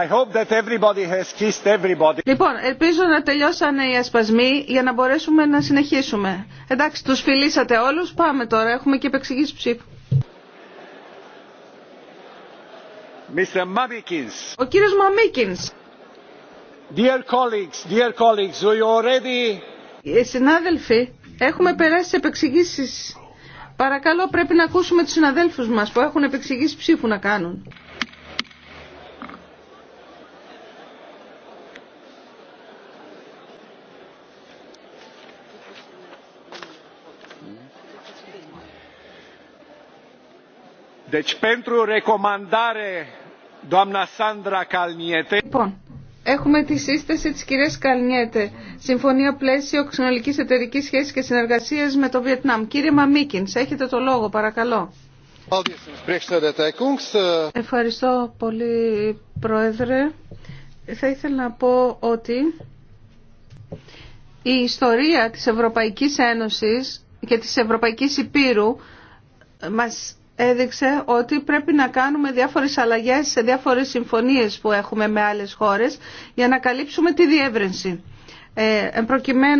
I hope that everybody has kissed everybody. Λοιπόν, ελπίζω να τελειώσανε οι ασπασμοί για να μπορέσουμε να συνεχίσουμε. Εντάξει, τους φιλήσατε όλους. Πάμε τώρα. Έχουμε και επεξηγήσεις ψήφου. Mr. Ο κύριος Μαμίκινς. Dear colleagues, dear colleagues, we already... Οι ε, συνάδελφοι, έχουμε περάσει επεξηγήσεις. Παρακαλώ πρέπει να ακούσουμε τους συναδέλφους μας που έχουν επεξηγήσει ψήφου να κάνουν. Λοιπόν, έχουμε τη σύσταση της κυρίας Καλνιέτε. Συμφωνία πλαίσιο ξενολικής εταιρικής σχέσης και συνεργασίας με το Βιετνάμ. Κύριε Μαμίκινς, έχετε το λόγο, παρακαλώ. Ευχαριστώ πολύ, Πρόεδρε. Θα ήθελα να πω ότι η ιστορία της Ευρωπαϊκής Ένωσης και της Ευρωπαϊκής Υπήρου μας έδειξε ότι πρέπει να κάνουμε διάφορες αλλαγές σε διάφορες συμφωνίες που έχουμε με άλλες χώρες για να καλύψουμε τη διεύρυνση. Ε,